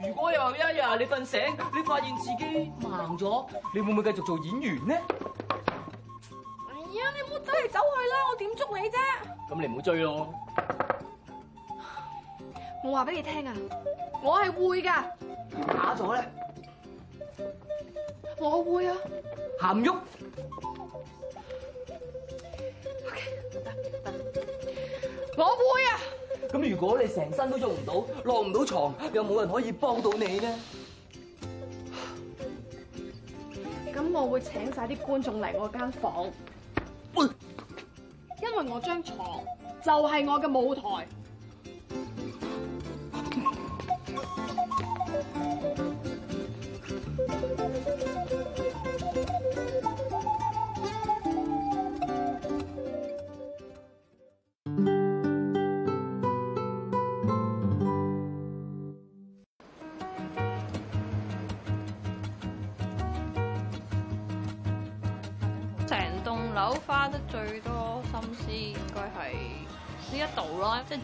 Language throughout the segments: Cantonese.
如果又有一日、哎、你瞓醒，你發現自己盲咗，你會唔會繼續做演員呢？哎呀，你唔好走嚟走去啦，我點捉你啫？咁你唔好追咯。我話俾你聽啊，我係會㗎。打咗咧，我會啊。行唔喐我會啊。咁如果你成身都用唔到，落唔到床，又有冇人可以幫到你咧？咁我會請晒啲觀眾嚟我間房，因為我張床就係我嘅舞台。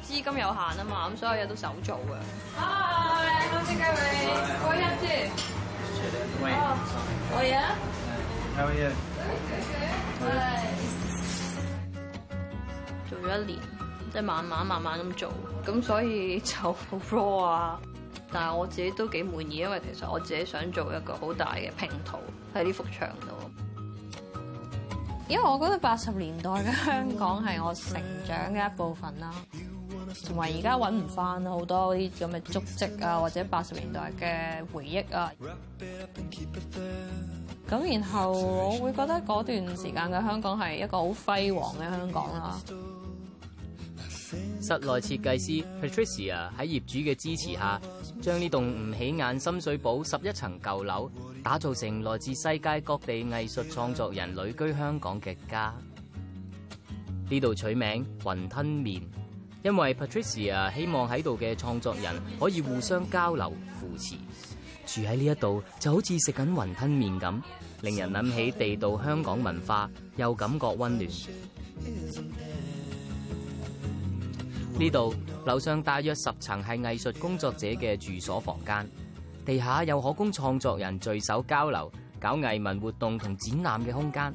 資金有限啊嘛，咁所有嘢都手做嘅。Hi，我係嘉偉，開一啲。喂，開啊？嘢？做咗一年，即係慢慢慢慢咁做，咁所以就好 raw 啊。但係我自己都幾滿意，因為其實我自己想做一個好大嘅拼圖喺呢幅牆度。因為我覺得八十年代嘅香港係我成長嘅一部分啦。同埋而家搵唔翻好多啲咁嘅足跡啊，或者八十年代嘅回憶啊。咁然後我會覺得嗰段時間嘅香港係一個好輝煌嘅香港啊。室內設計師 Patricia 喺業主嘅支持下，將呢棟唔起眼深水埗十一層舊樓打造成來自世界各地藝術創作人旅居香港嘅家。呢度取名雲吞麵。因為 Patricia 希望喺度嘅創作人可以互相交流扶持。住喺呢一度就好似食緊雲吞麵咁，令人諗起地道香港文化，又感覺温暖。呢度 樓上大約十層係藝術工作者嘅住所房間，地下又可供創作人聚首交流、搞藝文活動同展覽嘅空間。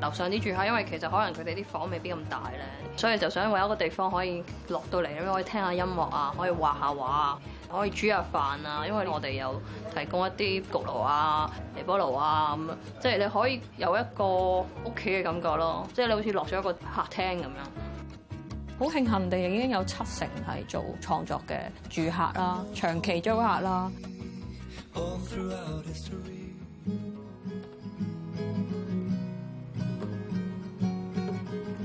樓上啲住客，因為其實可能佢哋啲房未必咁大咧，所以就想揾一個地方可以落到嚟咁，可以聽下音樂啊，可以畫下畫啊，可以煮下飯啊。因為我哋有提供一啲焗爐啊、微波爐啊咁啊，即係你可以有一個屋企嘅感覺咯，即係你好似落咗一個客廳咁樣。好慶幸地，已經有七成係做創作嘅住客啦，長期租客啦。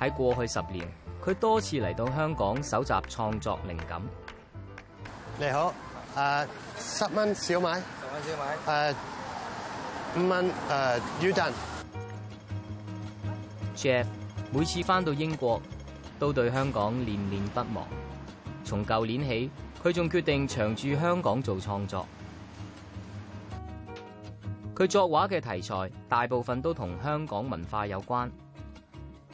喺過去十年，佢多次嚟到香港搜集創作靈感。你好，誒、uh,，十蚊小米。十蚊小米。誒、uh,，五蚊誒，U 盾。Jeff 每次翻到英國，都對香港念念不忘。從舊年起，佢仲決定長住香港做創作。佢作畫嘅題材大部分都同香港文化有關。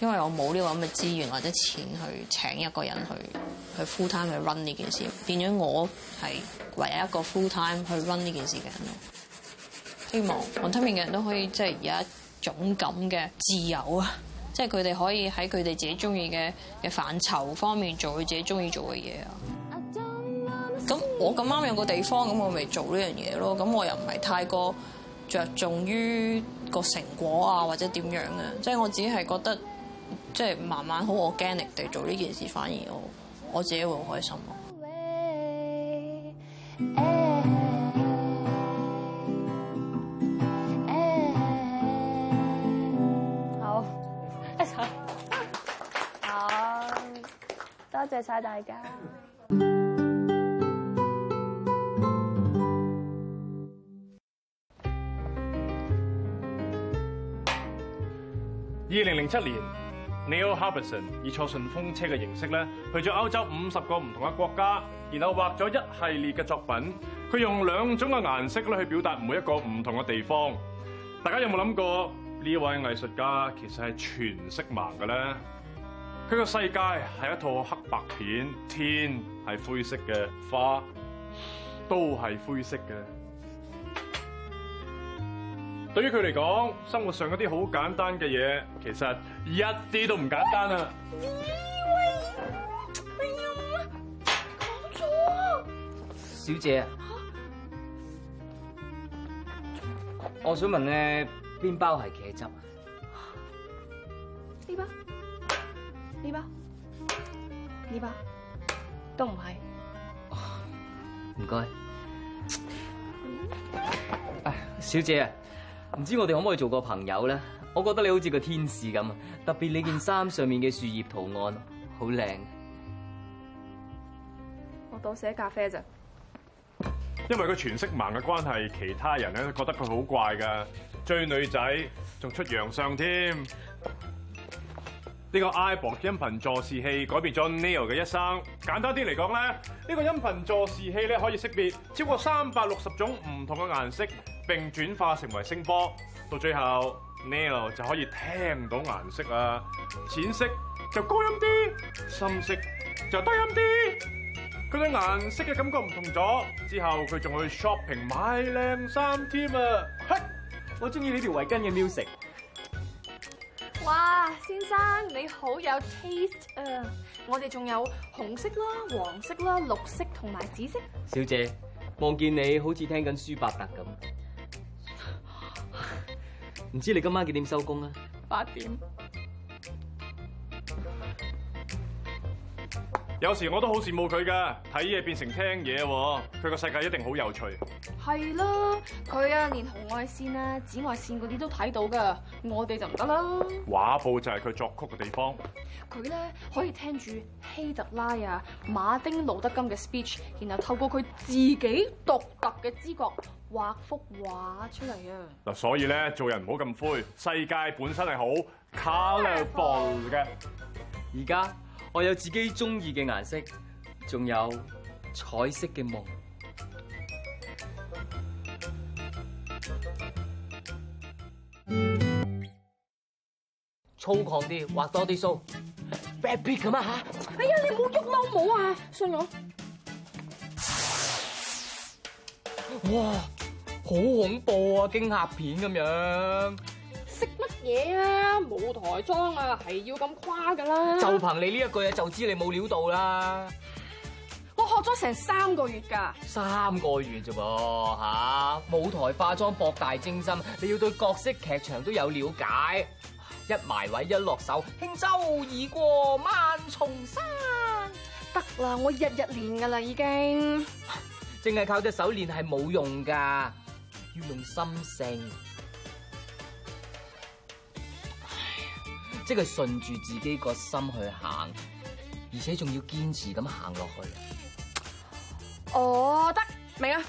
因為我冇呢個咁嘅資源或者錢去請一個人去去 full time 去 run 呢件事，變咗我係唯一一個 full time 去 run 呢件事嘅人咯。希望雲吞麵嘅人都可以即係有一種咁嘅自由啊，即係佢哋可以喺佢哋自己中意嘅嘅範疇方面做佢自己中意做嘅嘢啊。咁我咁啱有個地方，咁我咪做呢樣嘢咯。咁我又唔係太過着重於個成果啊，或者點樣嘅，即係我只係覺得。即係慢慢好 organic 地做呢件事，反而我我自己會好開心好，好多謝晒大家。二零零七年。Neil Harbisson 以坐順風車嘅形式咧，去咗歐洲五十個唔同嘅國家，然後畫咗一系列嘅作品。佢用兩種嘅顏色咧去表達每一個唔同嘅地方。大家有冇諗過呢位藝術家其實係全色盲嘅咧？佢個世界係一套黑白片，天係灰色嘅，花都係灰色嘅。對於佢嚟講，生活上一啲好簡單嘅嘢，其實。一啲都唔簡單啊！小姐，小姐，我想問咧，邊包係茄汁啊？呢包？呢包？呢包？都唔係，唔該。小姐，唔知我哋可唔可以做個朋友咧？我覺得你好似個天使咁啊！特別你件衫上面嘅樹葉圖案好靚。我倒寫咖啡咋？因為佢全色盲嘅關係，其他人咧覺得佢好怪噶，追女仔仲出洋相添。呢個 Eyeborg 音頻助視器改變咗 Neil 嘅一生。簡單啲嚟講咧，呢個音頻助視器咧可以識別超過三百六十種唔同嘅顏色，並轉化成為聲波。到最後。呢度就可以聽到顏色啊，淺色就高音啲，深色就低音啲，佢對顏色嘅感覺唔同咗。之後佢仲去 shopping 買靚衫添啊！我中意呢條圍巾嘅 music。哇，先生你好有 taste 啊！我哋仲有紅色啦、黃色啦、綠色同埋紫色。小姐，望見你好似聽緊舒伯特咁。唔知你今晚幾點收工啊？八點。有時我都好羨慕佢嘅，睇嘢變成聽嘢，佢個世界一定好有趣是。係啦，佢啊連紅外線啊、紫外線嗰啲都睇到噶，我哋就唔得啦。畫布就係佢作曲嘅地方。佢咧可以聽住希特拉呀、馬丁路德金嘅 speech，然後透過佢自己獨特嘅知覺畫幅畫出嚟啊。嗱，所以咧做人唔好咁灰，世界本身係好 colourful 嘅。而家。我有自己中意嘅顏色，仲有彩色嘅夢。粗獷啲，畫多啲鬚。Bad beat 咁啊吓！哎呀，你冇喐貓毛啊！信我。哇，好恐怖啊，驚嚇片咁樣。識乜嘢啊？舞台妝啊，係要咁誇噶啦！就憑你呢一句嘢，就知你冇料到啦！我學咗成三個月噶，三個月啫噃吓！舞台化妝博大精深，你要對各式劇場都有了解。一埋位一落手，輕舟已過萬重山。得啦，我日日練噶啦，已經。淨係靠隻手練係冇用噶，要用心性。即係順住自己個心去行，而且仲要堅持咁行落去。哦，得明啊！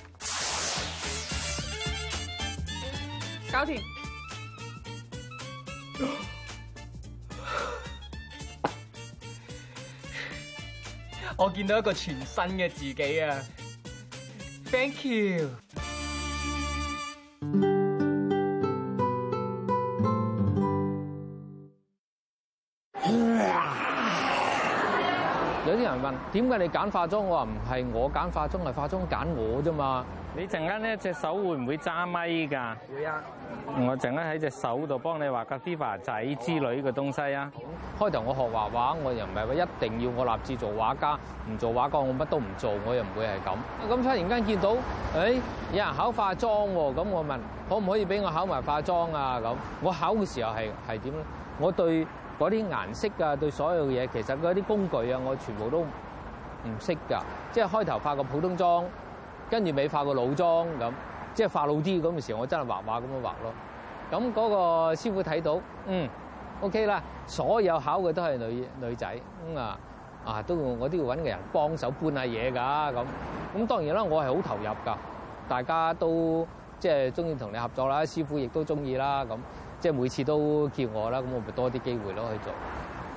搞掂！我見到一個全新嘅自己啊！Thank you。點解你揀化妝？我話唔係我揀化妝，係化妝揀我啫嘛！你陣間呢隻手會唔會揸咪㗎？會啊！我陣間喺隻手度幫你畫個 Viva 仔之類嘅東西啊！好玩。開頭我學畫畫，我又唔係話一定要我立志做畫家，唔做畫家我乜都唔做，我又唔會係咁。咁突然間見到，誒、哎、有人考化妝喎、啊，咁我問可唔可以俾我考埋化妝啊？咁我考嘅時候係係點咧？我對嗰啲顏色啊，對所有嘢，其實嗰啲工具啊，我全部都～唔識㗎，即係開頭化個普通妝，跟住尾化個老妝咁，即係化老啲嗰陣時候，我真係畫畫咁樣畫咯。咁嗰個師傅睇到，嗯，OK 啦，所有考嘅都係女女仔，咁、嗯、啊啊，都我都要揾個人幫手搬下嘢㗎咁。咁、嗯、當然啦，我係好投入㗎，大家都即係中意同你合作啦，師傅亦都中意啦，咁即係每次都叫我啦，咁我咪多啲機會咯去做。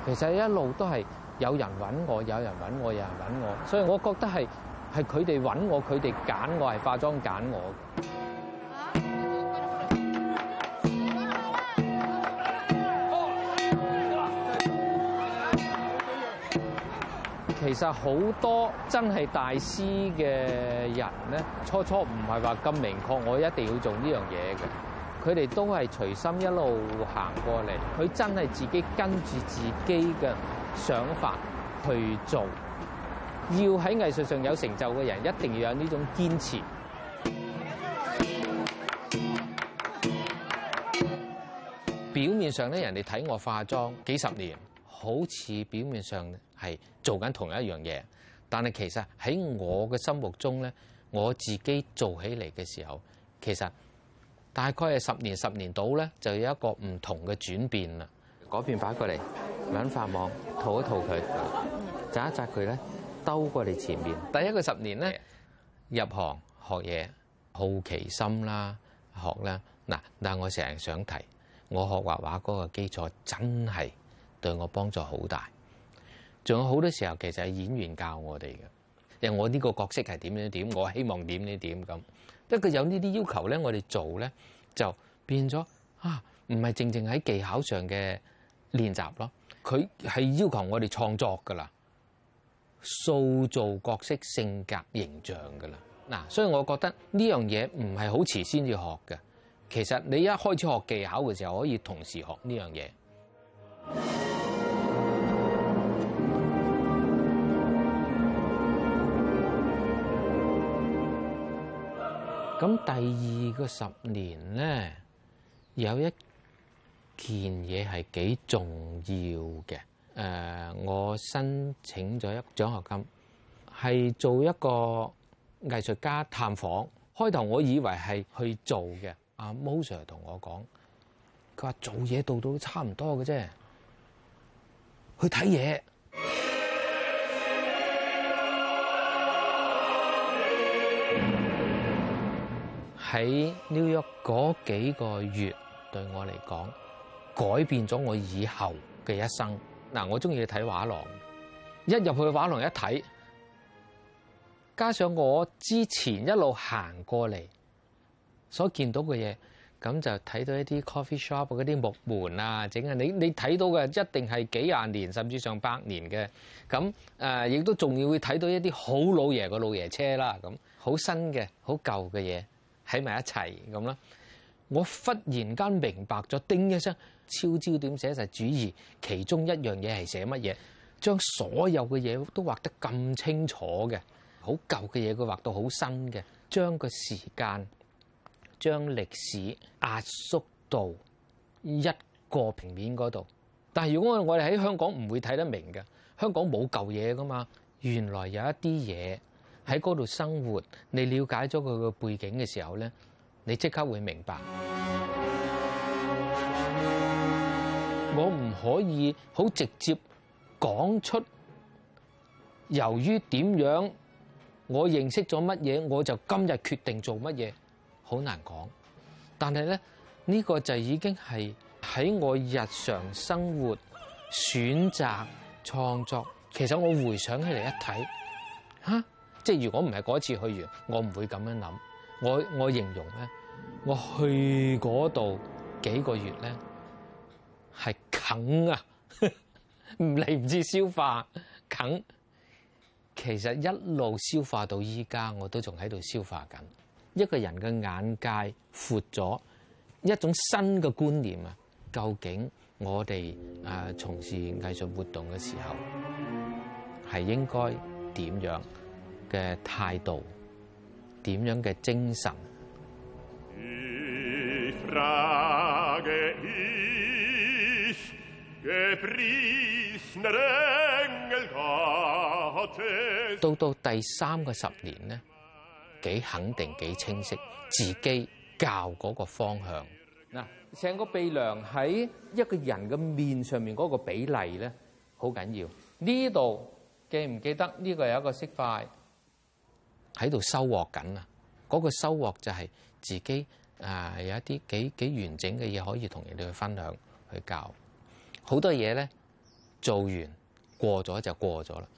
其實一路都係。有人揾我，有人揾我，有人揾我，所以我覺得係，係佢哋揾我，佢哋揀我係化妝揀我。其實好多真係大師嘅人咧，初初唔係話咁明確，我一定要做呢樣嘢嘅。佢哋都係隨心一路行過嚟，佢真係自己跟住自己嘅想法去做，要喺藝術上有成就嘅人，一定要有呢種堅持。表面上咧，人哋睇我化妝幾十年，好似表面上係做緊同一樣嘢，但係其實喺我嘅心目中咧，我自己做起嚟嘅時候，其實大概係十年、十年到咧，就有一個唔同嘅轉變啦。嗰邊擺過嚟。搵發網，套一套佢，扎一紮佢咧，兜過你前面。第一個十年咧，入行學嘢，好奇心啦，學啦。嗱。但係我成日想提，我學畫畫嗰個基礎真係對我幫助好大。仲有好多時候，其實係演員教我哋嘅。因為我呢個角色係點樣點，我希望點呢點咁、啊。不佢有呢啲要求咧，我哋做咧就變咗啊，唔係淨淨喺技巧上嘅。練習咯，佢係要求我哋創作㗎啦，塑造角色性格形象㗎啦。嗱，所以我覺得呢樣嘢唔係好遲先至學嘅。其實你一開始學技巧嘅時候，可以同時學呢樣嘢。咁第二個十年咧，有一件嘢係幾重要嘅。誒、呃，我申請咗一獎學金，係做一個藝術家探訪。開頭我以為係去做嘅。阿 Mo Sir 同我講，佢話做嘢度度都差唔多嘅啫。去睇嘢，喺 New York 嗰幾個月對我嚟講。改變咗我以後嘅一生。嗱，我中意睇畫廊，一入去畫廊一睇，加上我之前一路行過嚟所見到嘅嘢，咁就睇到一啲 coffee shop 嗰啲木門啊，整啊，你你睇到嘅一定係幾廿年甚至上百年嘅，咁誒亦都仲要會睇到一啲好老爺嘅老爺車啦，咁好新嘅好舊嘅嘢喺埋一齊咁啦。我忽然間明白咗，叮一聲。超焦點寫實主義，其中一樣嘢係寫乜嘢？將所有嘅嘢都畫得咁清楚嘅，好舊嘅嘢佢畫到好新嘅，將個時間、將歷史壓縮到一個平面嗰度。但係如果我哋喺香港唔會睇得明㗎，香港冇舊嘢㗎嘛。原來有一啲嘢喺嗰度生活，你了解咗佢嘅背景嘅時候咧，你即刻會明白。我唔可以好直接講出，由於點樣？我認識咗乜嘢，我就今日決定做乜嘢，好難講。但係咧，呢、呢個就已經係喺我日常生活選擇創作。其實我回想起嚟一睇，嚇、啊，即係如果唔係嗰次去完，我唔會咁樣諗。我我形容咧，我去嗰度幾個月咧，係。啃啊，唔嚟唔知消化啃。其實一路消化到依家，我都仲喺度消化緊。一個人嘅眼界闊咗，一種新嘅觀念啊。究竟我哋啊，從事藝術活動嘅時候，係應該點樣嘅態度？點樣嘅精神？到到第三個十年咧，幾肯定幾清晰自己教嗰個方向嗱。成個鼻梁喺一個人嘅面上面嗰個比例咧，好緊要。呢度記唔記得？呢個有一個色塊喺度，收穫緊啊？嗰個收穫就係自己啊，有一啲幾幾完整嘅嘢，可以同人哋去分享去教。好多嘢咧做完過咗就過咗啦，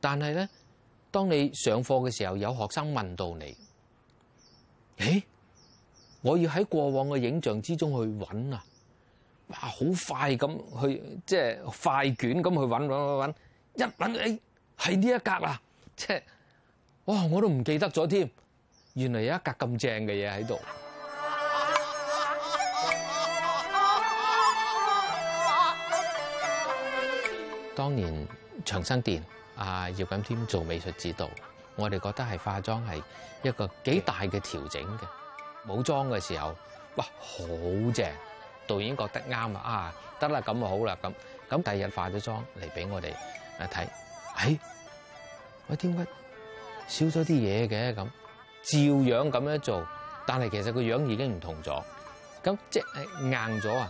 但係咧，當你上課嘅時候有學生問到你：咦，我要喺過往嘅影像之中去揾啊！哇，好快咁去，即係快捲咁去揾揾揾揾，一揾咦係呢一格啦，啊！即係哇，我都唔記得咗添，原來有一格咁正嘅嘢喺度。當年長生殿阿，葉錦添做美術指導，我哋覺得係化妝係一個幾大嘅調整嘅。冇妝嘅時候，哇，好正，導演覺得啱啊，啊得啦，咁就好啦咁。咁第二日化咗妝嚟俾我哋睇，哎，喂，點解少咗啲嘢嘅？咁照樣咁樣做，但係其實個樣已經唔同咗，咁即係硬咗啊。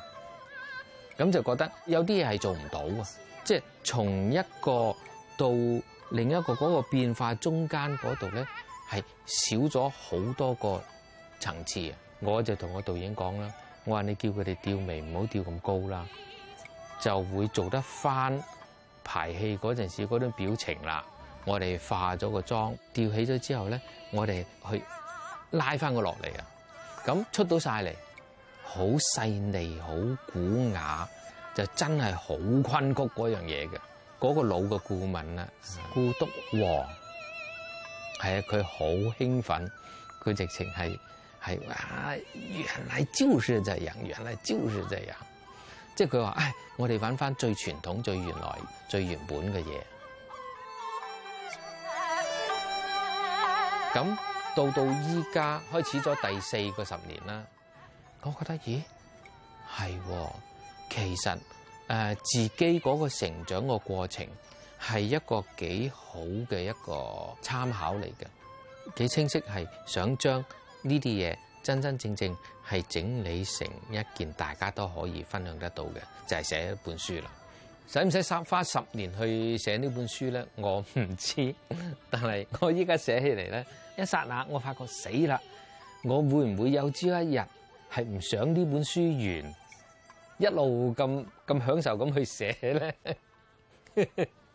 咁就覺得有啲嘢係做唔到啊。即係從一個到另一個嗰個變化中間嗰度咧，係少咗好多個層次啊！我就同個導演講啦，我話你叫佢哋吊眉唔好吊咁高啦，就會做得翻排戲嗰陣時嗰種表情啦。我哋化咗個妝，吊起咗之後咧，我哋去拉翻佢落嚟啊！咁出到晒嚟，好細膩，好古雅。就真係好困谷嗰樣嘢嘅，嗰個老嘅顧問啦，顧督的王，係啊，佢好興奮，佢直情係係啊，原來就是這樣，原來就是這樣，即係佢話，唉、哎，我哋揾翻最傳統、最原來、最原本嘅嘢。咁 到到依家開始咗第四個十年啦，我覺得咦，係。其實誒、呃、自己嗰個成長個過程係一個幾好嘅一個參考嚟嘅，幾清晰係想將呢啲嘢真真正正係整理成一件大家都可以分享得到嘅，就係、是、寫一本書啦。使唔使十花十年去寫呢本書咧？我唔知，但係我依家寫起嚟咧，一剎那我發覺死啦！我會唔會有朝一日係唔想呢本書完？一路咁咁享受咁去寫咧。